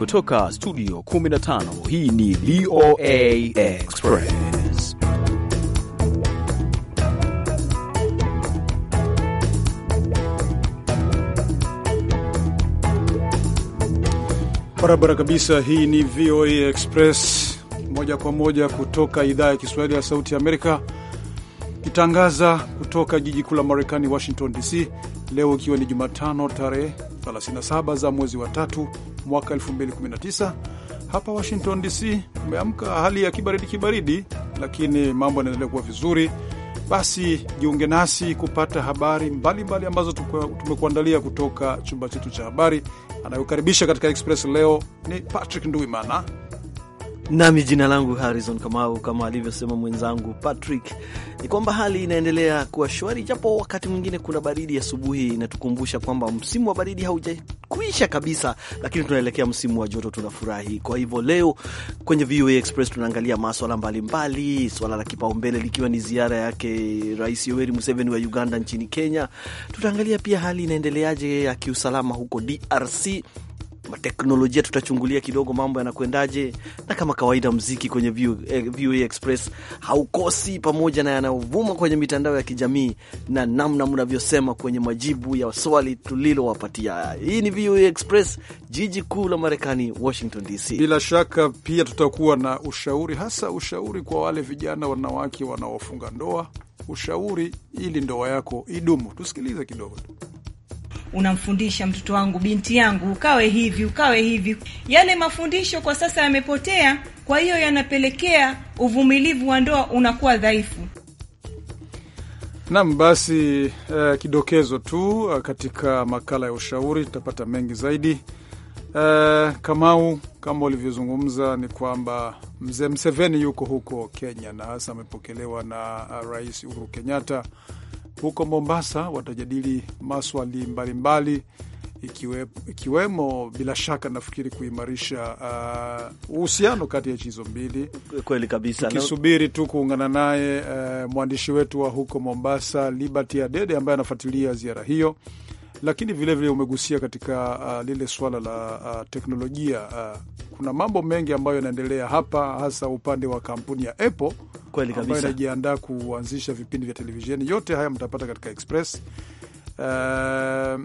kutoka studio 15 hii ni VOA Express. Barabara kabisa, hii ni VOA Express moja kwa moja kutoka idhaa ya Kiswahili ya Sauti Amerika kitangaza kutoka jiji kuu la Marekani, Washington DC, leo ikiwa ni Jumatano tarehe 37 za mwezi wa tatu mwaka 2019. Hapa Washington DC umeamka hali ya kibaridi kibaridi, lakini mambo yanaendelea kuwa vizuri. Basi jiunge nasi kupata habari mbalimbali mbali ambazo tumekuandalia kutoka chumba chetu cha habari. Anayokaribisha katika Express leo ni Patrick Nduimana. Nami jina langu Harrison Kamau. Kama alivyosema mwenzangu Patrick, ni kwamba hali inaendelea kuwa shwari, japo wakati mwingine kuna baridi asubuhi. Inatukumbusha kwamba msimu wa baridi haujakuisha kabisa, lakini tunaelekea msimu wa joto, tunafurahi. Kwa hivyo leo kwenye VOA Express tunaangalia maswala mbalimbali, swala la kipaumbele likiwa ni ziara yake Rais Yoweri Museveni wa Uganda nchini Kenya. Tutaangalia pia hali inaendeleaje ya kiusalama huko DRC wa teknolojia, tutachungulia kidogo mambo yanakwendaje, na kama kawaida mziki kwenye VOA eh, Express haukosi, pamoja na yanayovuma kwenye mitandao ya kijamii na namna mnavyosema kwenye majibu ya swali tulilowapatia. Hii ni VOA Express, jiji kuu la Marekani, Washington DC. Bila shaka pia tutakuwa na ushauri, hasa ushauri kwa wale vijana wanawake wanaofunga ndoa, ushauri ili ndoa yako idumu. Tusikilize kidogo tu unamfundisha mtoto wangu, binti yangu, ukawe hivi, ukawe hivi. Yale mafundisho kwa sasa yamepotea, kwa hiyo yanapelekea uvumilivu wa ndoa unakuwa dhaifu. Nam basi, eh, kidokezo tu eh, katika makala ya ushauri tutapata mengi zaidi. Eh, Kamau, kama ulivyozungumza ni kwamba mzee Mseveni yuko huko Kenya na hasa amepokelewa na eh, Rais Uhuru Kenyatta huko Mombasa watajadili maswali mbalimbali ikiwe, ikiwemo bila shaka nafikiri kuimarisha uh, uhusiano kati ya nchi hizo mbili. Kweli kabisa, tukisubiri tu kuungana naye uh, mwandishi wetu wa huko Mombasa Liberty Adede ambaye anafuatilia ziara hiyo lakini vilevile vile umegusia katika uh, lile swala la uh, teknolojia uh, kuna mambo mengi ambayo yanaendelea hapa, hasa upande wa kampuni ya Apple kweli kabisa, ambayo inajiandaa kuanzisha vipindi vya televisheni. Yote haya mtapata katika Express. Uh,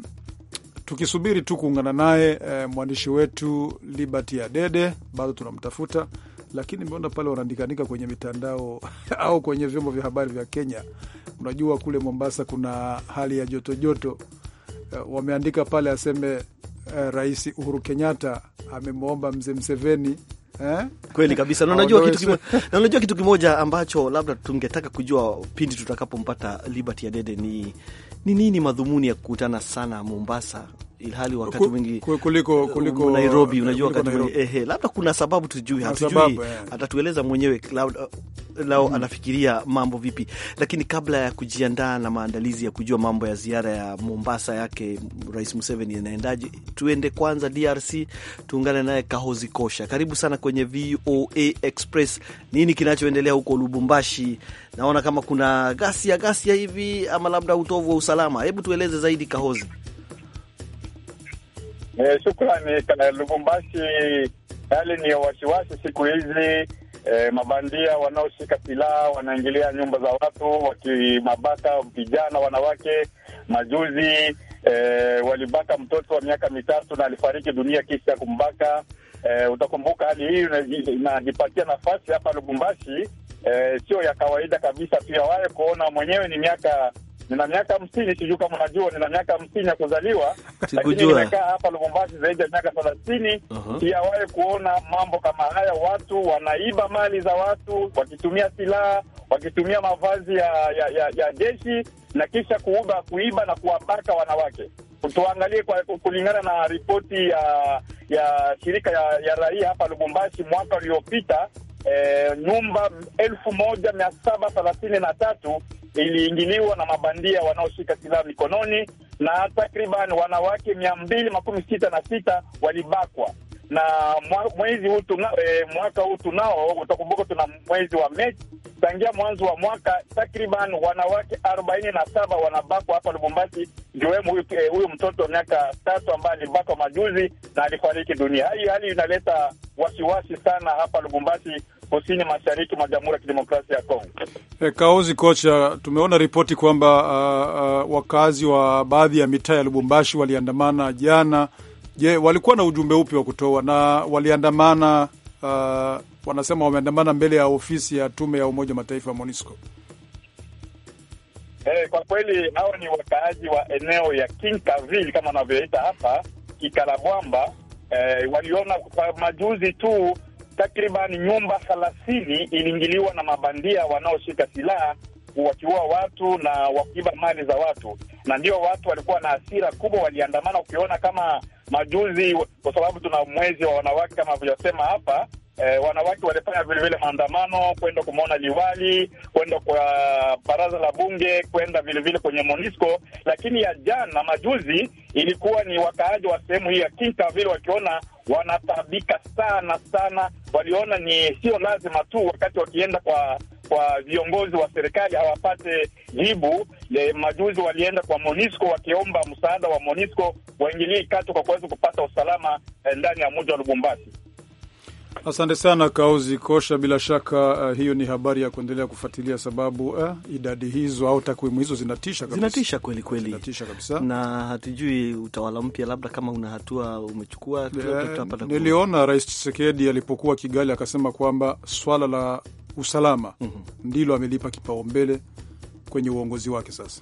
tukisubiri tu kuungana naye uh, mwandishi wetu Liberty Adede, bado tunamtafuta lakini nimeona pale wanaandikaandika kwenye mitandao au kwenye vyombo vya habari vya Kenya. Unajua kule Mombasa kuna hali ya jotojoto joto uh, wameandika pale aseme uh, Rais Uhuru Kenyatta amemwomba mzee Mseveni eh? Kweli kabisa na unajua kitu kimoja, na unajua kitu kimoja ambacho labda tungetaka kujua pindi tutakapompata Liberty Adede ni ni nini madhumuni ya kukutana sana Mombasa ilhali wakati mwingi kuliko, eh, kuliko Nairobi. Unajua kuliko wakati mwingi ehe, labda kuna sababu tujui, hatujui, eh. atatueleza mwenyewe lao eh, hmm, anafikiria mambo vipi. Lakini kabla ya kujiandaa na maandalizi ya kujua mambo ya ziara ya Mombasa yake Rais Museveni inaendaje, tuende kwanza DRC, tuungane naye Kahozi Kosha. Karibu sana kwenye VOA Express. Nini kinachoendelea huko Lubumbashi? Naona kama kuna ghasia ghasia hivi ama labda utovu wa usalama. Hebu tueleze zaidi Kahozi. Eh, shukrani kana Lubumbashi, hali ni ya wasiwasi siku hizi. eh, mabandia wanaoshika silaha wanaingilia nyumba za watu wakimabaka vijana, wanawake. Majuzi eh, walibaka mtoto wa miaka mitatu na alifariki dunia kisha ya kumbaka. Eh, utakumbuka hali hii inajipatia nafasi hapa Lubumbashi, eh, sio ya kawaida kabisa. Pia waye kuona mwenyewe ni miaka nina miaka hamsini, sijui kama unajua, nina miaka hamsini ya kuzaliwa, lakini nimekaa hapa Lubumbashi zaidi ya miaka thelathini. uh -huh. kuona mambo kama haya, watu wanaiba mali za watu wakitumia silaha, wakitumia mavazi ya ya, ya, ya jeshi na kisha kuuba, kuiba na kuwabaka wanawake. Tuangalie kwa kulingana na ripoti ya ya shirika ya, ya raia hapa Lubumbashi mwaka uliopita, eh, nyumba elfu moja mia saba thelathini na tatu iliingiliwa na mabandia wanaoshika silaha mikononi, na takriban wanawake mia mbili makumi sita na sita walibakwa na mwezi huu tuna, e, mwaka huu tunao, utakumbuka tuna mwezi wa Mei. Tangia mwanzo wa mwaka takriban wanawake arobaini na saba wanabakwa hapa Lubumbashi, ikiwemo huyu e, mtoto wa miaka tatu ambaye alibakwa majuzi na alifariki dunia. Hii hali inaleta wasiwasi sana hapa Lubumbashi kusini mashariki mwa Jamhuri ya Kidemokrasia ya Kongo. E, Kaozi kocha, tumeona ripoti kwamba uh, uh, wakazi wa baadhi ya mitaa ya Lubumbashi waliandamana jana. Je, walikuwa na ujumbe upi wa kutoa? Na waliandamana uh, wanasema wameandamana mbele ya ofisi ya tume ya Umoja Mataifa MONUSCO. Eh, kwa kweli hao ni wakaaji wa eneo ya Kinkaville kama wanavyoita hapa Kikalabwamba. Eh, waliona kwa majuzi tu takriban nyumba thelathini iliingiliwa na mabandia wanaoshika silaha wakiua watu na wakiiba mali za watu, na ndio watu walikuwa na hasira kubwa, waliandamana. Ukiona kama majuzi, kwa sababu tuna mwezi wa wanawake kama vilivyosema hapa eh, wanawake walifanya vilevile maandamano kwenda kumwona liwali, kwenda kwa baraza la bunge, kwenda vilevile kwenye Monisco. Lakini ya jana majuzi ilikuwa ni wakaaji wa sehemu hii ya Kinshasa, vile wakiona wanataabika sana sana, waliona ni sio lazima tu wakati wakienda kwa kwa viongozi wa serikali hawapate jibu. majuzi walienda kwa Monisco wakiomba msaada wa Monisco waingilie kati kwa kuweza kupata usalama eh, ndani ya mji wa Lubumbashi. Asante sana Kauzi Kosha. Bila shaka uh, hiyo ni habari ya kuendelea kufuatilia sababu uh, idadi hizo au takwimu hizo zinatisha kabisa, zinatisha kweli kweli, zinatisha kabisa, na hatujui utawala mpya, labda kama una hatua umechukua. Eh, niliona Rais Tshisekedi alipokuwa Kigali akasema kwamba swala la usalama mm -hmm. ndilo amelipa kipaumbele kwenye uongozi wake sasa.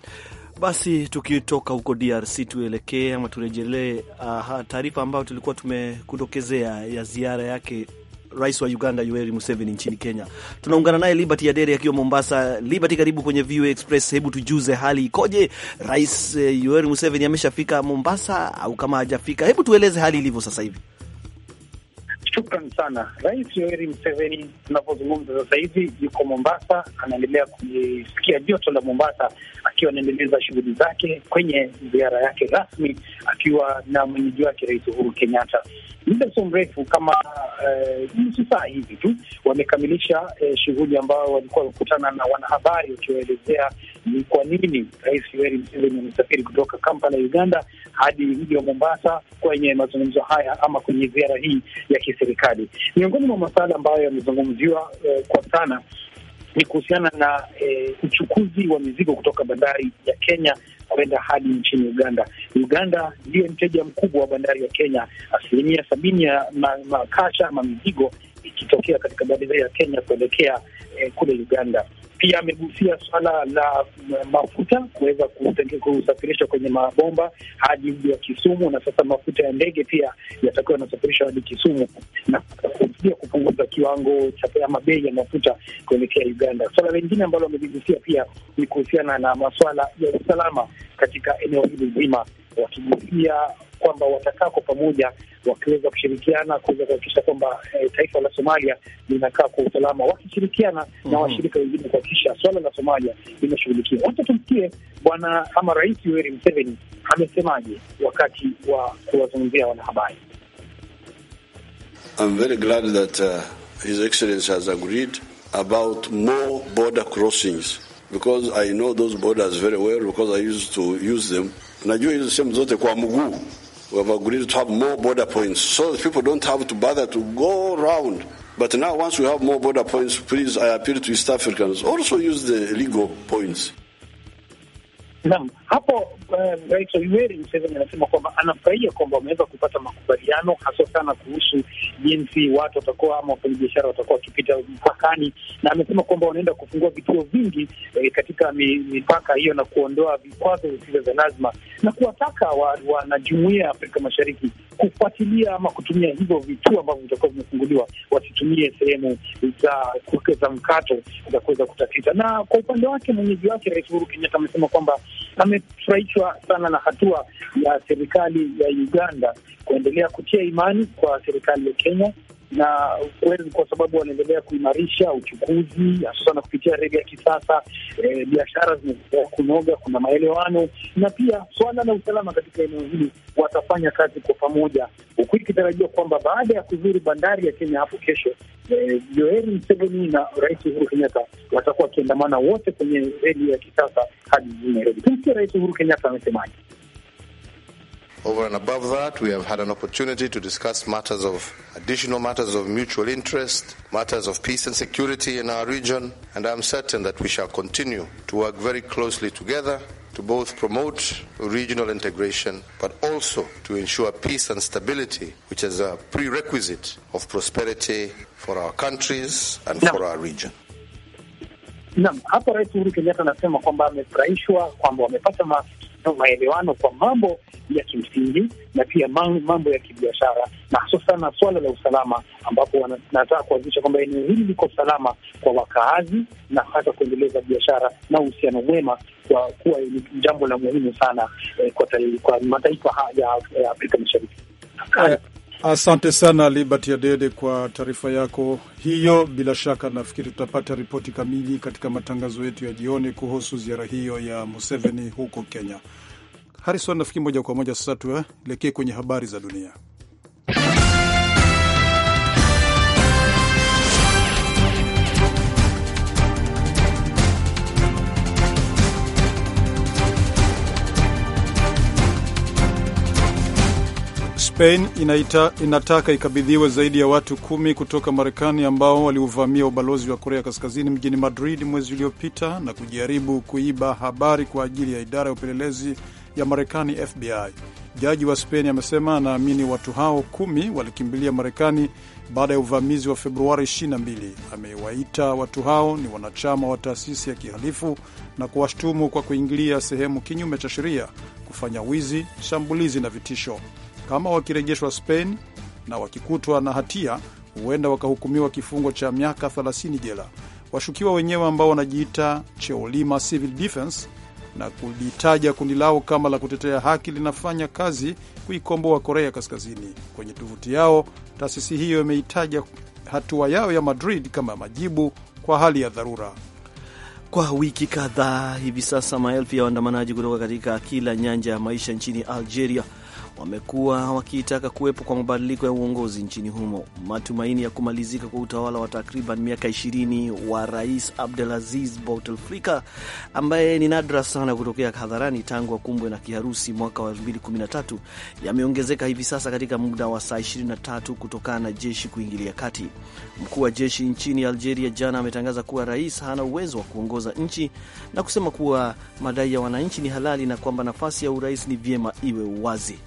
Basi tukitoka huko DRC tuelekee ama turejelee uh, taarifa ambayo tulikuwa tumekudokezea ya ziara yake rais wa Uganda Yoweri Museveni nchini Kenya. Tunaungana naye Liberty Adere akiwa Mombasa. Liberty, karibu kwenye VOA Express. Hebu tujuze hali ikoje, rais eh, Yoweri Museveni ameshafika Mombasa au kama hajafika? Hebu tueleze hali ilivyo sasa hivi. Shukran sana. Rais Yoweri Museveni tunapozungumza sasa hivi yuko Mombasa, anaendelea kujisikia joto la Mombasa akiwa anaendeleza shughuli zake kwenye ziara yake rasmi akiwa na mwenyeji wake Rais Uhuru Kenyatta. Muda sio mrefu kama eh, nusu uh, saa hivi tu wamekamilisha uh, shughuli ambayo walikuwa wamekutana na wanahabari, wakiwaelezea ni kwa nini Rais Yoweri Museveni amesafiri kutoka Kampala, Uganda, hadi mji wa Mombasa kwenye mazungumzo haya ama kwenye ziara hii ya kiserikali. Miongoni mwa masuala ambayo yamezungumziwa uh, kwa sana ni kuhusiana na e, uchukuzi wa mizigo kutoka bandari ya Kenya kwenda hadi nchini Uganda. Uganda ndiye mteja mkubwa wa bandari ya Kenya, asilimia sabini ya makasha ma ama mizigo ikitokea katika bandari ya Kenya kuelekea e, kule Uganda. Pia amegusia swala la mafuta kuweza kusafirishwa kwenye mabomba hadi mji wa Kisumu, na sasa mafuta ya ndege pia yatakuwa yanasafirishwa hadi Kisumu na pia kupunguza kiwango cha ama bei ya mafuta kuelekea Uganda. Swala lingine ambalo amejigusia pia ni kuhusiana na maswala ya usalama katika eneo hili zima, wakigusia kwamba watakaa kwa pamoja wakiweza kushirikiana kuweza kuhakikisha kwamba eh, taifa la Somalia linakaa kwa usalama, wakishirikiana mm -hmm. na mhm. washirika wengine kuhakikisha swala la Somalia linashughulikiwa. Wacha tumsikie bwana ama Rais Yoweri Museveni amesemaje wakati wa kuwazungumzia wanahabari. I'm very glad that uh, His Excellency has agreed about more border crossings because I know those borders very well because I used to use them. Najua hizo sehemu zote kwa mguu We have agreed to have more border points so that people don't have to bother to go around. But now, once we have more border points, please, I appeal to East Africans also use the legal points. No. hapo Rais Yoweri Museveni anasema kwamba anafurahia kwamba wameweza kupata makubaliano haswa sana kuhusu jinsi watu watakuwa ama wafanyabiashara watakuwa wakipita mpakani, na amesema kwamba wanaenda kufungua vituo vingi eh, katika mipaka hiyo na kuondoa vikwazo visivyo vya lazima na kuwataka wanajumuia wa ya Afrika Mashariki kufuatilia ama kutumia hivyo vituo ambavyo vitakuwa vimefunguliwa, wasitumie sehemu za kuwekeza mkato za kuweza kutatiza. Na kwa upande wake mwenyeji wake Rais Uhuru Kenyatta amesema kwamba amefurahishwa sana na hatua ya serikali ya Uganda kuendelea kutia imani kwa serikali ya Kenya na kwezi, kwa sababu wanaendelea kuimarisha uchukuzi hususana kupitia reli ya kisasa. E, biashara zimeendelea kunoga, kuna maelewano na pia swala la usalama katika eneo hili, watafanya kazi kwa pamoja, huku ikitarajiwa kwamba baada ya kuzuru bandari ya Kenya hapo kesho, e, eh, Mseveni na Rais Uhuru Kenyatta watakuwa wakiandamana wote kwenye reli ya kisasa hadi jijini Nairobi. Tumsikie Rais Uhuru Kenyatta amesemaje. Over and above that, we have had an opportunity to discuss matters of additional matters of mutual interest, matters of peace and security in our region, and I'm certain that we shall continue to work very closely together to both promote regional integration but also to ensure peace and stability, which is a prerequisite of prosperity for our countries and no. for our region. Naam, hapa Rais Uhuru Kenyatta anasema kwamba amefurahishwa kwamba wamepata na maelewano kwa mambo ya kimsingi na pia mambo ya kibiashara, na hasa sana swala la usalama, ambapo wanataka kuhakikisha kwamba eneo hili liko salama kwa wakaazi na hata kuendeleza biashara na uhusiano mwema, kwa kuwa ni jambo la muhimu sana eh, kwa, kwa mataifa ya Afrika Mashariki. Eh, Asante sana Liberty Adede kwa taarifa yako hiyo. Bila shaka nafikiri tutapata ripoti kamili katika matangazo yetu ya jioni kuhusu ziara hiyo ya Museveni huko Kenya. Harison, nafikiri moja kwa moja sasa tuelekee kwenye habari za dunia. Spain inaita, inataka ikabidhiwe zaidi ya watu kumi kutoka Marekani ambao waliuvamia ubalozi wa Korea Kaskazini mjini Madrid mwezi uliopita na kujaribu kuiba habari kwa ajili ya idara ya upelelezi ya Marekani FBI. Jaji wa Spain amesema anaamini watu hao kumi walikimbilia Marekani baada ya uvamizi wa Februari 22. Amewaita watu hao ni wanachama wa taasisi ya kihalifu na kuwashtumu kwa kuingilia sehemu kinyume cha sheria, kufanya wizi, shambulizi na vitisho. Kama wakirejeshwa Spain na wakikutwa na hatia, huenda wakahukumiwa kifungo cha miaka 30 jela. Washukiwa wenyewe ambao wanajiita Cheolima Civil Defense na kulitaja kundi lao kama la kutetea haki linafanya kazi kuikomboa Korea Kaskazini. Kwenye tovuti yao, taasisi hiyo imeitaja hatua yao ya Madrid kama majibu kwa hali ya dharura. Kwa wiki kadhaa hivi sasa, maelfu ya waandamanaji kutoka katika kila nyanja ya maisha nchini Algeria wamekuwa wakitaka kuwepo kwa mabadiliko ya uongozi nchini humo. Matumaini ya kumalizika kwa utawala wa takriban miaka 20 wa Rais Abdelaziz Bouteflika ambaye ni nadra sana kutokea hadharani tangu akumbwe na kiharusi mwaka wa 2013 yameongezeka hivi sasa katika muda wa saa 23 kutokana na jeshi kuingilia kati. Mkuu wa jeshi nchini Algeria jana ametangaza kuwa rais hana uwezo wa kuongoza nchi na kusema kuwa madai ya wananchi ni halali na kwamba nafasi ya urais ni vyema iwe wazi.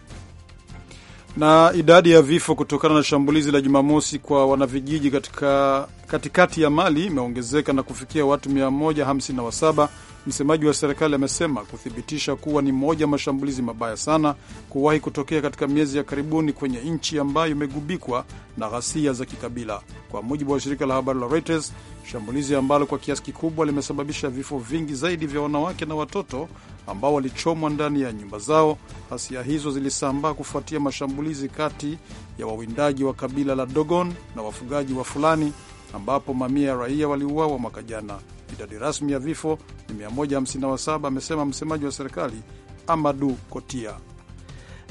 Na idadi ya vifo kutokana na shambulizi la Jumamosi kwa wanavijiji katika katikati ya Mali imeongezeka na kufikia watu 157 Msemaji wa serikali amesema kuthibitisha kuwa ni moja mashambulizi mabaya sana kuwahi kutokea katika miezi ya karibuni kwenye nchi ambayo imegubikwa na ghasia za kikabila. Kwa mujibu wa shirika la habari la Reuters, shambulizi ambalo kwa kiasi kikubwa limesababisha vifo vingi zaidi vya wanawake na watoto ambao walichomwa ndani ya nyumba zao. Ghasia hizo zilisambaa kufuatia mashambulizi kati ya wawindaji wa kabila la Dogon na wafugaji wa Fulani ambapo mamia ya raia waliuawa mwaka jana. Idadi rasmi ya vifo ni 157, amesema msemaji wa serikali Amadu Kotia.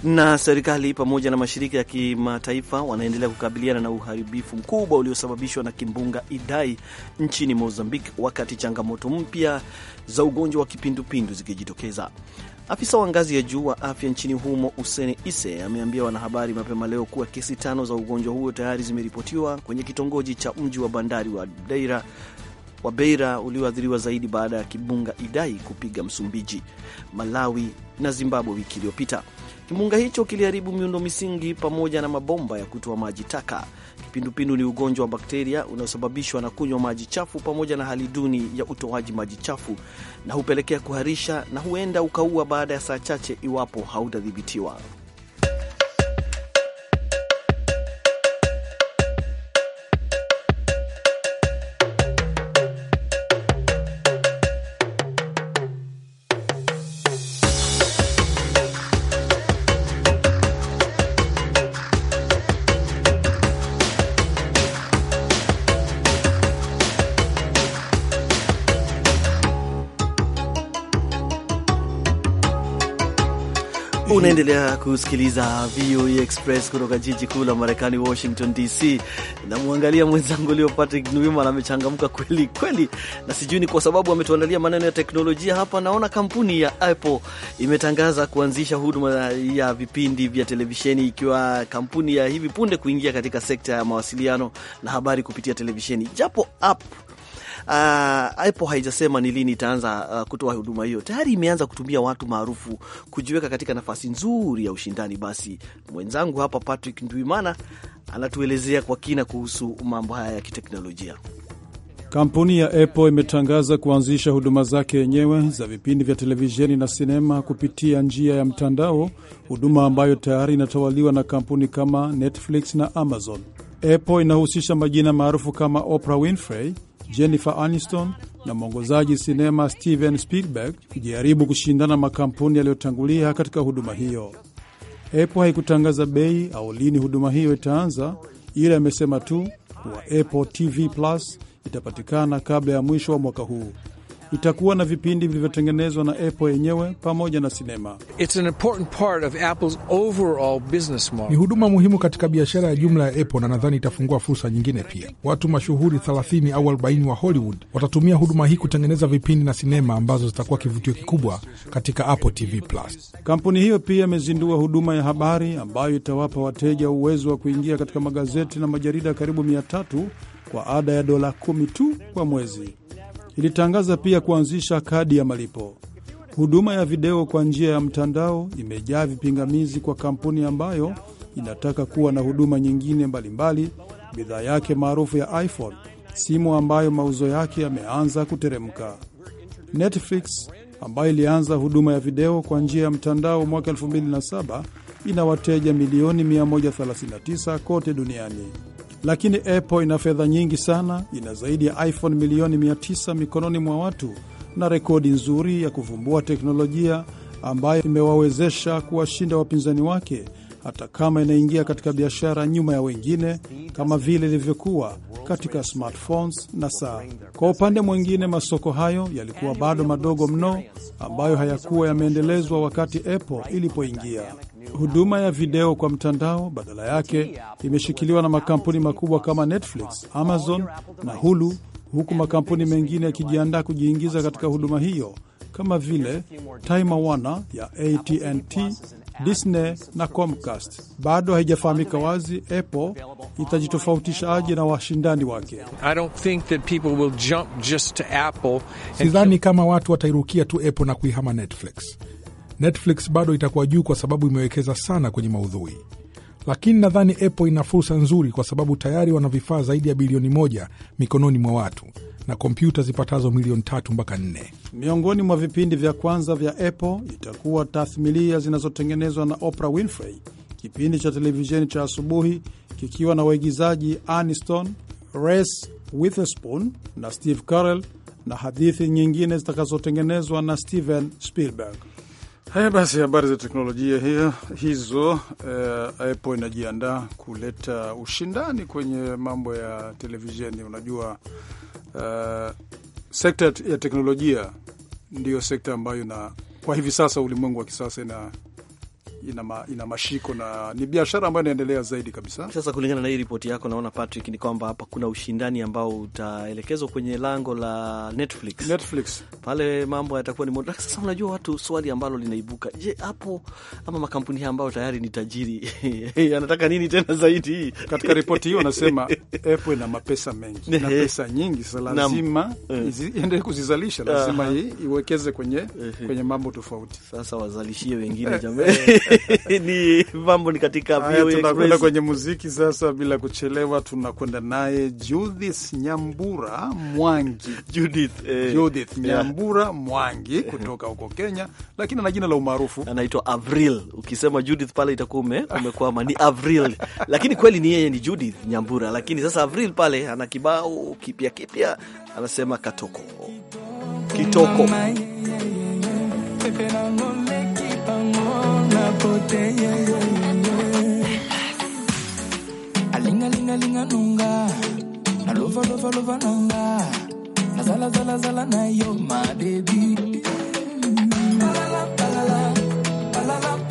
Na serikali pamoja na mashirika ya kimataifa wanaendelea kukabiliana na uharibifu mkubwa uliosababishwa na kimbunga Idai nchini Mozambique, wakati changamoto mpya za ugonjwa wa kipindupindu zikijitokeza. Afisa wa ngazi ya juu wa afya nchini humo Hussein Ise ameambia wanahabari mapema leo kuwa kesi tano za ugonjwa huo tayari zimeripotiwa kwenye kitongoji cha mji wa bandari wa Deira wa Beira ulioathiriwa zaidi baada ya kimbunga Idai kupiga Msumbiji, Malawi na Zimbabwe wiki iliyopita. Kimbunga hicho kiliharibu miundo misingi pamoja na mabomba ya kutoa maji taka. Kipindupindu ni ugonjwa wa bakteria unaosababishwa na kunywa maji chafu pamoja na hali duni ya utoaji maji chafu, na hupelekea kuharisha na huenda ukaua baada ya saa chache iwapo hautadhibitiwa. Unaendelea kusikiliza VOA e Express kutoka jiji kuu la Marekani, Washington DC. Namwangalia mwenzangu leo Patrick Nwima, amechangamka kweli kweli, na sijui ni kwa sababu ametuandalia maneno ya teknolojia hapa. Naona kampuni ya Apple imetangaza kuanzisha huduma ya vipindi vya televisheni, ikiwa kampuni ya hivi punde kuingia katika sekta ya mawasiliano na habari kupitia televisheni, japo app uh, ah, Apple haijasema ni lini itaanza uh, kutoa huduma hiyo. Tayari imeanza kutumia watu maarufu kujiweka katika nafasi nzuri ya ushindani. Basi mwenzangu hapa Patrick Ndwimana anatuelezea kwa kina kuhusu mambo haya ya kiteknolojia. Kampuni ya Apple imetangaza kuanzisha huduma zake yenyewe za vipindi vya televisheni na sinema kupitia njia ya mtandao, huduma ambayo tayari inatawaliwa na kampuni kama Netflix na Amazon. Apple inahusisha majina maarufu kama Oprah Winfrey, Jennifer Aniston na mwongozaji sinema Steven Spielberg kujaribu kushindana makampuni yaliyotangulia katika huduma hiyo. Apple haikutangaza bei au lini huduma hiyo itaanza, ila amesema tu kuwa Apple TV Plus itapatikana kabla ya mwisho wa mwaka huu. Itakuwa na vipindi vilivyotengenezwa na Apple yenyewe pamoja na sinema. Ni huduma muhimu katika biashara ya jumla ya Apple na nadhani itafungua fursa nyingine pia. Watu mashuhuri 30 au 40 wa Hollywood watatumia huduma hii kutengeneza vipindi na sinema ambazo zitakuwa kivutio kikubwa katika Apple TV Plus. Kampuni hiyo pia imezindua huduma ya habari ambayo itawapa wateja uwezo wa kuingia katika magazeti na majarida karibu 300 kwa ada ya dola 10 tu kwa mwezi ilitangaza pia kuanzisha kadi ya malipo. Huduma ya video kwa njia ya mtandao imejaa vipingamizi kwa kampuni ambayo inataka kuwa na huduma nyingine mbalimbali. Bidhaa yake maarufu ya iPhone, simu ambayo mauzo yake yameanza kuteremka. Netflix ambayo ilianza huduma ya video kwa njia ya mtandao mwaka 2007 ina wateja milioni 139 kote duniani lakini Apple ina fedha nyingi sana, ina zaidi ya iPhone milioni 900 mikononi mwa watu na rekodi nzuri ya kuvumbua teknolojia ambayo imewawezesha kuwashinda wapinzani wake, hata kama inaingia katika biashara nyuma ya wengine, kama vile ilivyokuwa katika smartphones na saa. Kwa upande mwingine, masoko hayo yalikuwa bado madogo mno, ambayo hayakuwa yameendelezwa wakati Apple ilipoingia huduma ya video kwa mtandao badala yake imeshikiliwa na makampuni makubwa kama Netflix, Amazon na Hulu, huku makampuni mengine yakijiandaa kujiingiza katika huduma hiyo kama vile Time Warner ya AT&T, Disney na Comcast. Bado haijafahamika wazi Apple itajitofautisha aje na washindani wake. Sidhani kama watu watairukia tu Apple na kuihama Netflix. Netflix bado itakuwa juu kwa sababu imewekeza sana kwenye maudhui, lakini nadhani Apple ina fursa nzuri kwa sababu tayari wana vifaa zaidi ya bilioni moja mikononi mwa watu na kompyuta zipatazo milioni tatu mpaka nne. Miongoni mwa vipindi vya kwanza vya Apple itakuwa tathmilia zinazotengenezwa na Oprah Winfrey, kipindi cha televisheni cha asubuhi kikiwa na waigizaji Aniston, Reese Witherspoon na Steve Carell na hadithi nyingine zitakazotengenezwa na Steven Spielberg. Haya basi, habari za teknolojia hiyo hizo. Eh, Apple inajiandaa kuleta ushindani kwenye mambo ya televisheni. Unajua eh, sekta ya teknolojia ndiyo sekta ambayo na kwa hivi sasa ulimwengu wa kisasa ina ina, ma, ina mashiko na ni biashara ambayo inaendelea zaidi kabisa. Sasa kulingana na hii ripoti yako, naona Patrick, ni kwamba hapa kuna ushindani ambao utaelekezwa kwenye lango la Netflix. Netflix pale mambo yatakuwa ni moto. Sasa unajua watu, swali ambalo linaibuka, je, hapo ama makampuni haya ambayo tayari ni tajiri anataka nini tena zaidi? Katika ripoti hiyo anasema Apple na mapesa mengi na eh. pesa nyingi, sa lazima eh. iende kuzizalisha, lazima hii iwekeze kwenye, eh. kwenye mambo tofauti. Sasa wazalishie wengine jamani ni mambo ni katika tunakwenda kwenye muziki sasa, bila kuchelewa, tunakwenda naye Judith Nyambura Mwangi Judith, eh, Judith Nyambura yeah, Mwangi kutoka huko Kenya, lakini ana jina la umaarufu anaitwa Avril. Ukisema Judith pale itakuwa umekwama, ni Avril lakini kweli ni yeye, ni Judith Nyambura, lakini sasa Avril pale ana kibao kipya kipya, anasema katoko kitoko la botella. Yeah, yeah. Alinga, linga, linga, nunga. Na lova, lova, lova, nanga. Na zala, zala, zala, na yo, my baby. Balala, balala, balala.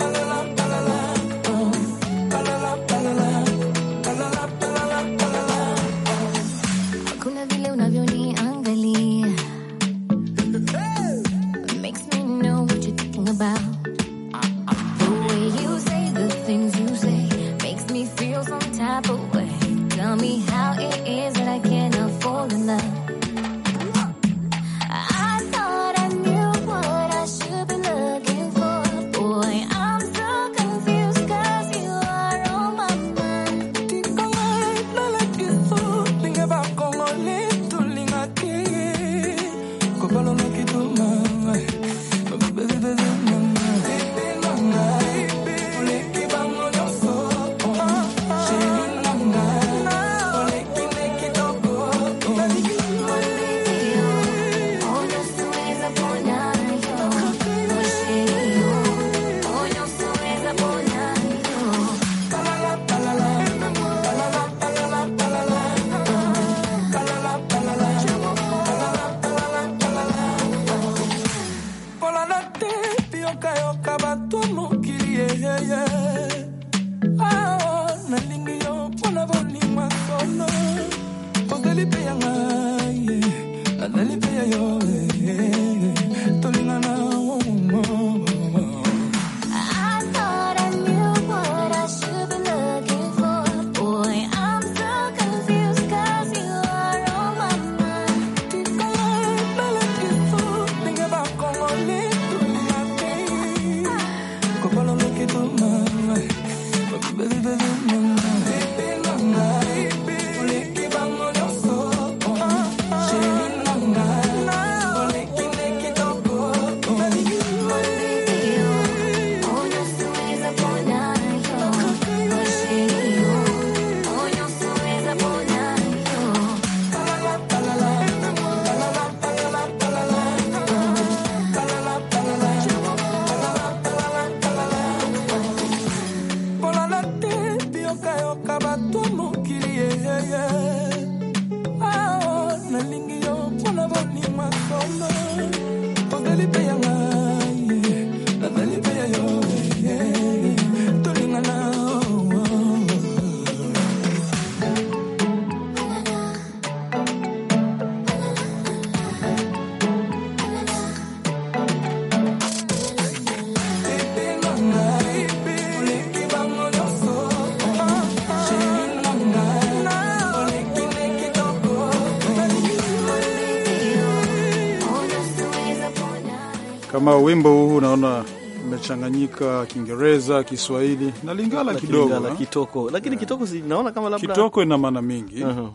kama wimbo huu unaona umechanganyika Kiingereza, Kiswahili na Lingala kidogo, Kitoko, lakini eh. Kitoko si naona kama labda Kitoko ina maana mingi. Uh-huh.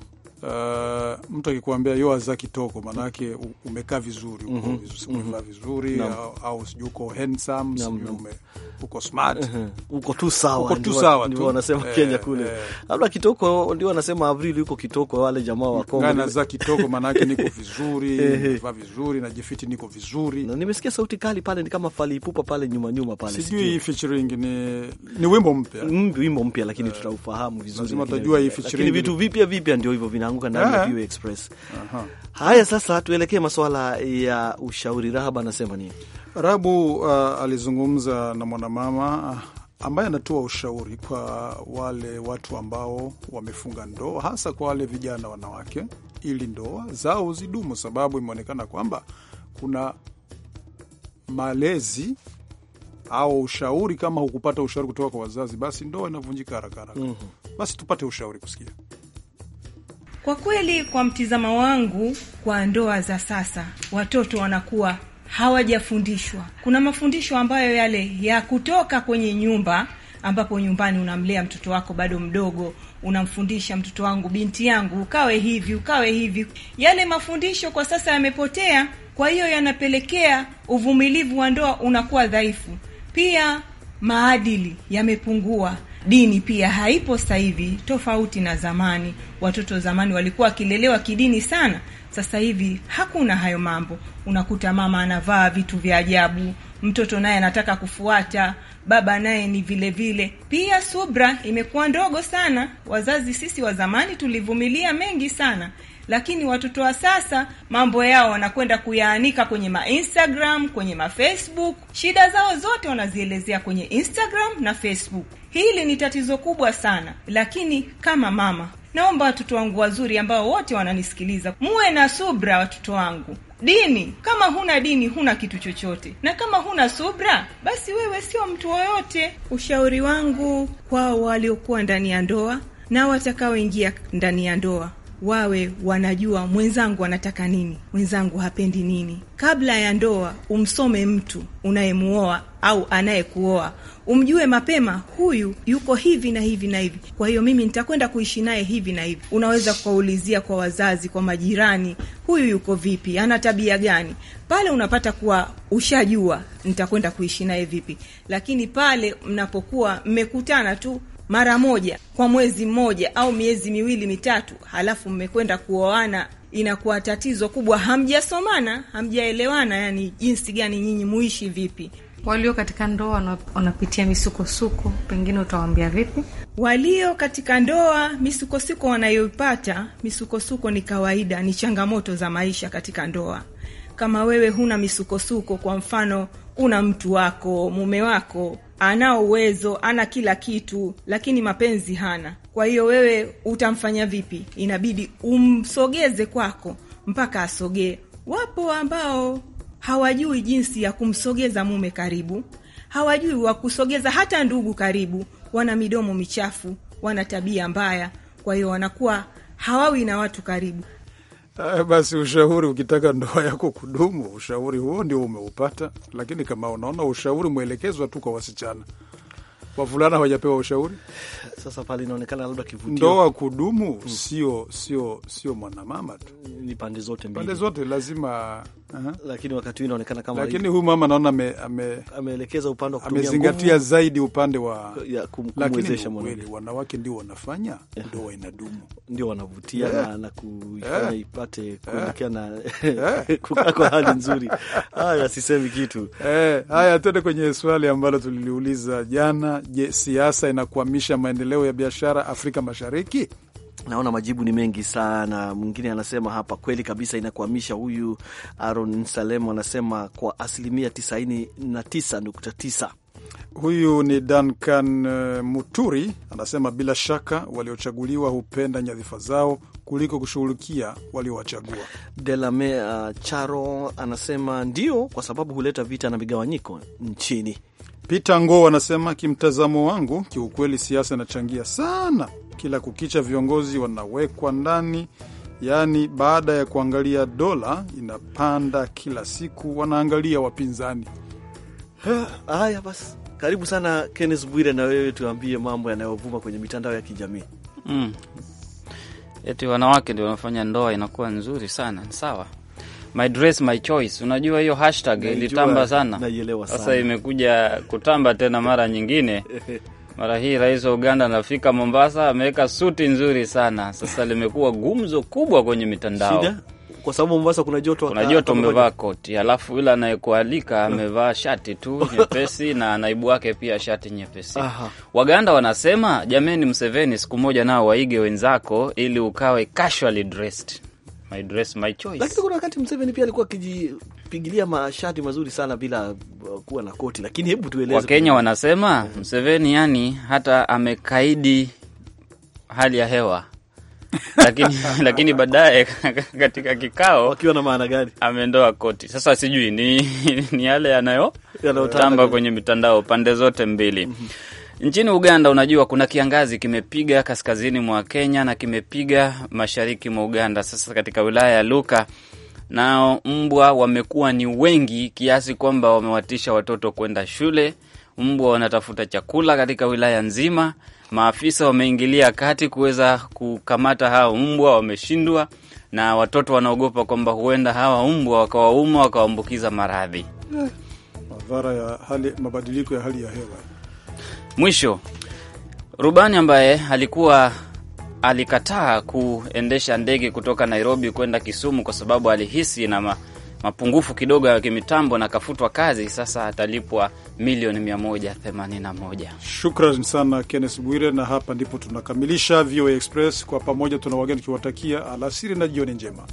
Uh, mtu akikuambia yo aza kitoko, maanake umekaa vizuri, uko umevaa mhm. vizuri mm -hmm. au, au sijui uko handsome sijui mm uko smart uko tu sawa, uko tu sawa ndio wanasema eh, Kenya kule eh. labda kitoko ndio wanasema Avril uko kitoko, wale jamaa wa Kongo ngana za kitoko, maanake niko vizuri nimevaa vizuri na jifiti niko vizuri na nimesikia sauti kali pale, ni kama falipupa pale nyuma nyuma pale, sijui hii featuring ni ni wimbo mpya, mm, wimbo mpya lakini eh, tutaufahamu vizuri, lazima tutajua hii featuring, lakini vitu vipya vipya ndio hivyo vina inaanguka ndani ya eh. VOA Express. Aha. Haya, sasa tuelekee masuala ya ushauri. Rahab anasema nini? Rahabu uh, alizungumza na mwanamama uh, ambaye anatoa ushauri kwa wale watu ambao wamefunga ndoa, hasa kwa wale vijana wanawake, ili ndoa zao zidumu, sababu imeonekana kwamba kuna malezi au ushauri. Kama hukupata ushauri kutoka kwa wazazi, basi ndoa inavunjika haraka haraka. mm -hmm. Basi tupate ushauri kusikia kwa kweli, kwa mtizamo wangu, kwa ndoa za sasa watoto wanakuwa hawajafundishwa. Kuna mafundisho ambayo yale ya kutoka kwenye nyumba ambapo nyumbani unamlea mtoto wako bado mdogo, unamfundisha mtoto wangu, binti yangu, ukawe hivi, ukawe hivi. Yale mafundisho kwa sasa yamepotea, kwa hiyo yanapelekea uvumilivu wa ndoa unakuwa dhaifu. Pia maadili yamepungua dini pia haipo sasa hivi, tofauti na zamani. Watoto zamani walikuwa wakilelewa kidini sana, sasa hivi hakuna hayo mambo. Unakuta mama anavaa vitu vya ajabu, mtoto naye anataka kufuata, baba naye ni vile vile. Pia subra imekuwa ndogo sana. Wazazi sisi wa zamani tulivumilia mengi sana, lakini watoto wa sasa mambo yao wanakwenda kuyaanika kwenye mainstagram, kwenye mafacebook. Shida zao zote wanazielezea kwenye Instagram na Facebook. Hili ni tatizo kubwa sana, lakini kama mama naomba watoto wangu wazuri ambao wote wananisikiliza, muwe na subra, watoto wangu dini. Kama huna dini, huna kitu chochote, na kama huna subra, basi wewe sio mtu woyote. Ushauri wangu kwao waliokuwa ndani ya ndoa na watakaoingia ndani ya ndoa, wawe wanajua mwenzangu anataka nini, mwenzangu hapendi nini. Kabla ya ndoa, umsome mtu unayemuoa au anayekuoa, umjue mapema, huyu yuko hivi na hivi na hivi, kwa hiyo mimi nitakwenda kuishi naye hivi na hivi. Unaweza kuwaulizia kwa wazazi, kwa majirani, huyu yuko vipi, ana tabia gani? Pale unapata kuwa ushajua nitakwenda kuishi naye vipi. Lakini pale mnapokuwa mmekutana tu mara moja kwa mwezi mmoja au miezi miwili mitatu, halafu mmekwenda kuoana, inakuwa tatizo kubwa. Hamjasomana, hamjaelewana, yani jinsi gani nyinyi muishi vipi. Walio katika ndoa wanapitia misukosuko, pengine utawaambia vipi? Walio katika ndoa, misukosuko wanayoipata, misukosuko ni kawaida, ni changamoto za maisha katika ndoa. Kama wewe huna misukosuko, kwa mfano una mtu wako, mume wako anao uwezo, ana kila kitu, lakini mapenzi hana. Kwa hiyo wewe utamfanya vipi? Inabidi umsogeze kwako mpaka asogee. Wapo ambao hawajui jinsi ya kumsogeza mume karibu, hawajui wa kusogeza hata ndugu karibu. Wana midomo michafu, wana tabia mbaya, kwa hiyo wanakuwa hawawi na watu karibu. Haya basi, ushauri ukitaka ndoa yako kudumu, ushauri huo ndio umeupata. Lakini kama unaona ushauri mwelekezwa tu kwa wasichana, wavulana hawajapewa ushauri. Sasa pale inaonekana labda kivutio, ndoa kudumu sio sio sio mwanamama tu, ni pande zote mbili, pande zote lazima lakini wakati huu inaonekana kama lakini huyu mama naona ameelekeza upande wa kutumia amezingatia zaidi upande wa kumwezesha mwanamke. Wanawake ndio wanafanya eh. ndoa inadumu, ndio wanavutia yeah. na, na kuifanya yeah. ipate eh. kuelekea na eh. kukaa kwa hali nzuri. Haya, sisemi kitu eh. Haya, tuende kwenye swali ambalo tuliliuliza jana. Je, siasa inakwamisha maendeleo ya biashara Afrika Mashariki? Naona majibu ni mengi sana. Mwingine anasema hapa, kweli kabisa inakwamisha. Huyu Aaron Salem anasema kwa asilimia 99.9. Huyu ni Duncan eh, Muturi anasema, bila shaka waliochaguliwa hupenda nyadhifa zao kuliko kushughulikia waliowachagua. Delamea eh, Charo anasema ndio, kwa sababu huleta vita na migawanyiko nchini. Peter Ngo anasema, kimtazamo wangu, kiukweli siasa inachangia sana kila kukicha viongozi wanawekwa ndani, yaani baada ya kuangalia dola inapanda kila siku, wanaangalia wapinzani. Haya basi, karibu sana Kenneth Bwire, na wewe tuambie mambo yanayovuma kwenye mitandao ya kijamii mm. Eti wanawake ndio wanafanya ndoa inakuwa nzuri sana, sawa. My dress my choice, unajua hiyo hashtag ilitamba sana, sasa imekuja kutamba tena mara nyingine Mara hii rais wa Uganda anafika Mombasa, ameweka suti nzuri sana. Sasa limekuwa gumzo kubwa kwenye mitandao Shida? Kwa sababu Mombasa kuna joto, kuna joto, umevaa koti, alafu yule anayekualika hmm. amevaa shati tu nyepesi na naibu wake pia shati nyepesi. Waganda wanasema jameni, Mseveni siku moja nao waige wenzako, ili ukawe casually dressed. My dress, my choice. Lakini kuna wakati Mseveni pia alikuwa kupigilia mashati mazuri sana bila uh, kuwa na koti, lakini hebu tueleze. Wakenya wanasema Mseveni mhm. yani hata amekaidi hali ya hewa lakini, lakini baadaye katika kikao wakiwa na maana gani, amendoa koti. Sasa sijui ni, ni yale yanayotamba kwenye mitandao pande zote mbili. mm -hmm. Nchini Uganda, unajua kuna kiangazi kimepiga kaskazini mwa Kenya na kimepiga mashariki mwa Uganda. Sasa katika wilaya ya Luka nao mbwa wamekuwa ni wengi kiasi kwamba wamewatisha watoto kwenda shule. Mbwa wanatafuta chakula katika wilaya nzima. Maafisa wameingilia kati kuweza kukamata hawa mbwa, wameshindwa, na watoto wanaogopa kwamba huenda hawa mbwa wakawauma wakawaambukiza maradhi. Madhara ya hali, mabadiliko ya hali ya hewa. Mwisho, rubani ambaye alikuwa alikataa kuendesha ndege kutoka Nairobi kwenda Kisumu kwa sababu alihisi na mapungufu kidogo ya kimitambo na akafutwa kazi. Sasa atalipwa milioni 181. Shukran sana Kennes Bwire, na hapa ndipo tunakamilisha VOA Express kwa pamoja. Tuna wageni tukiwatakia alasiri na jioni njema.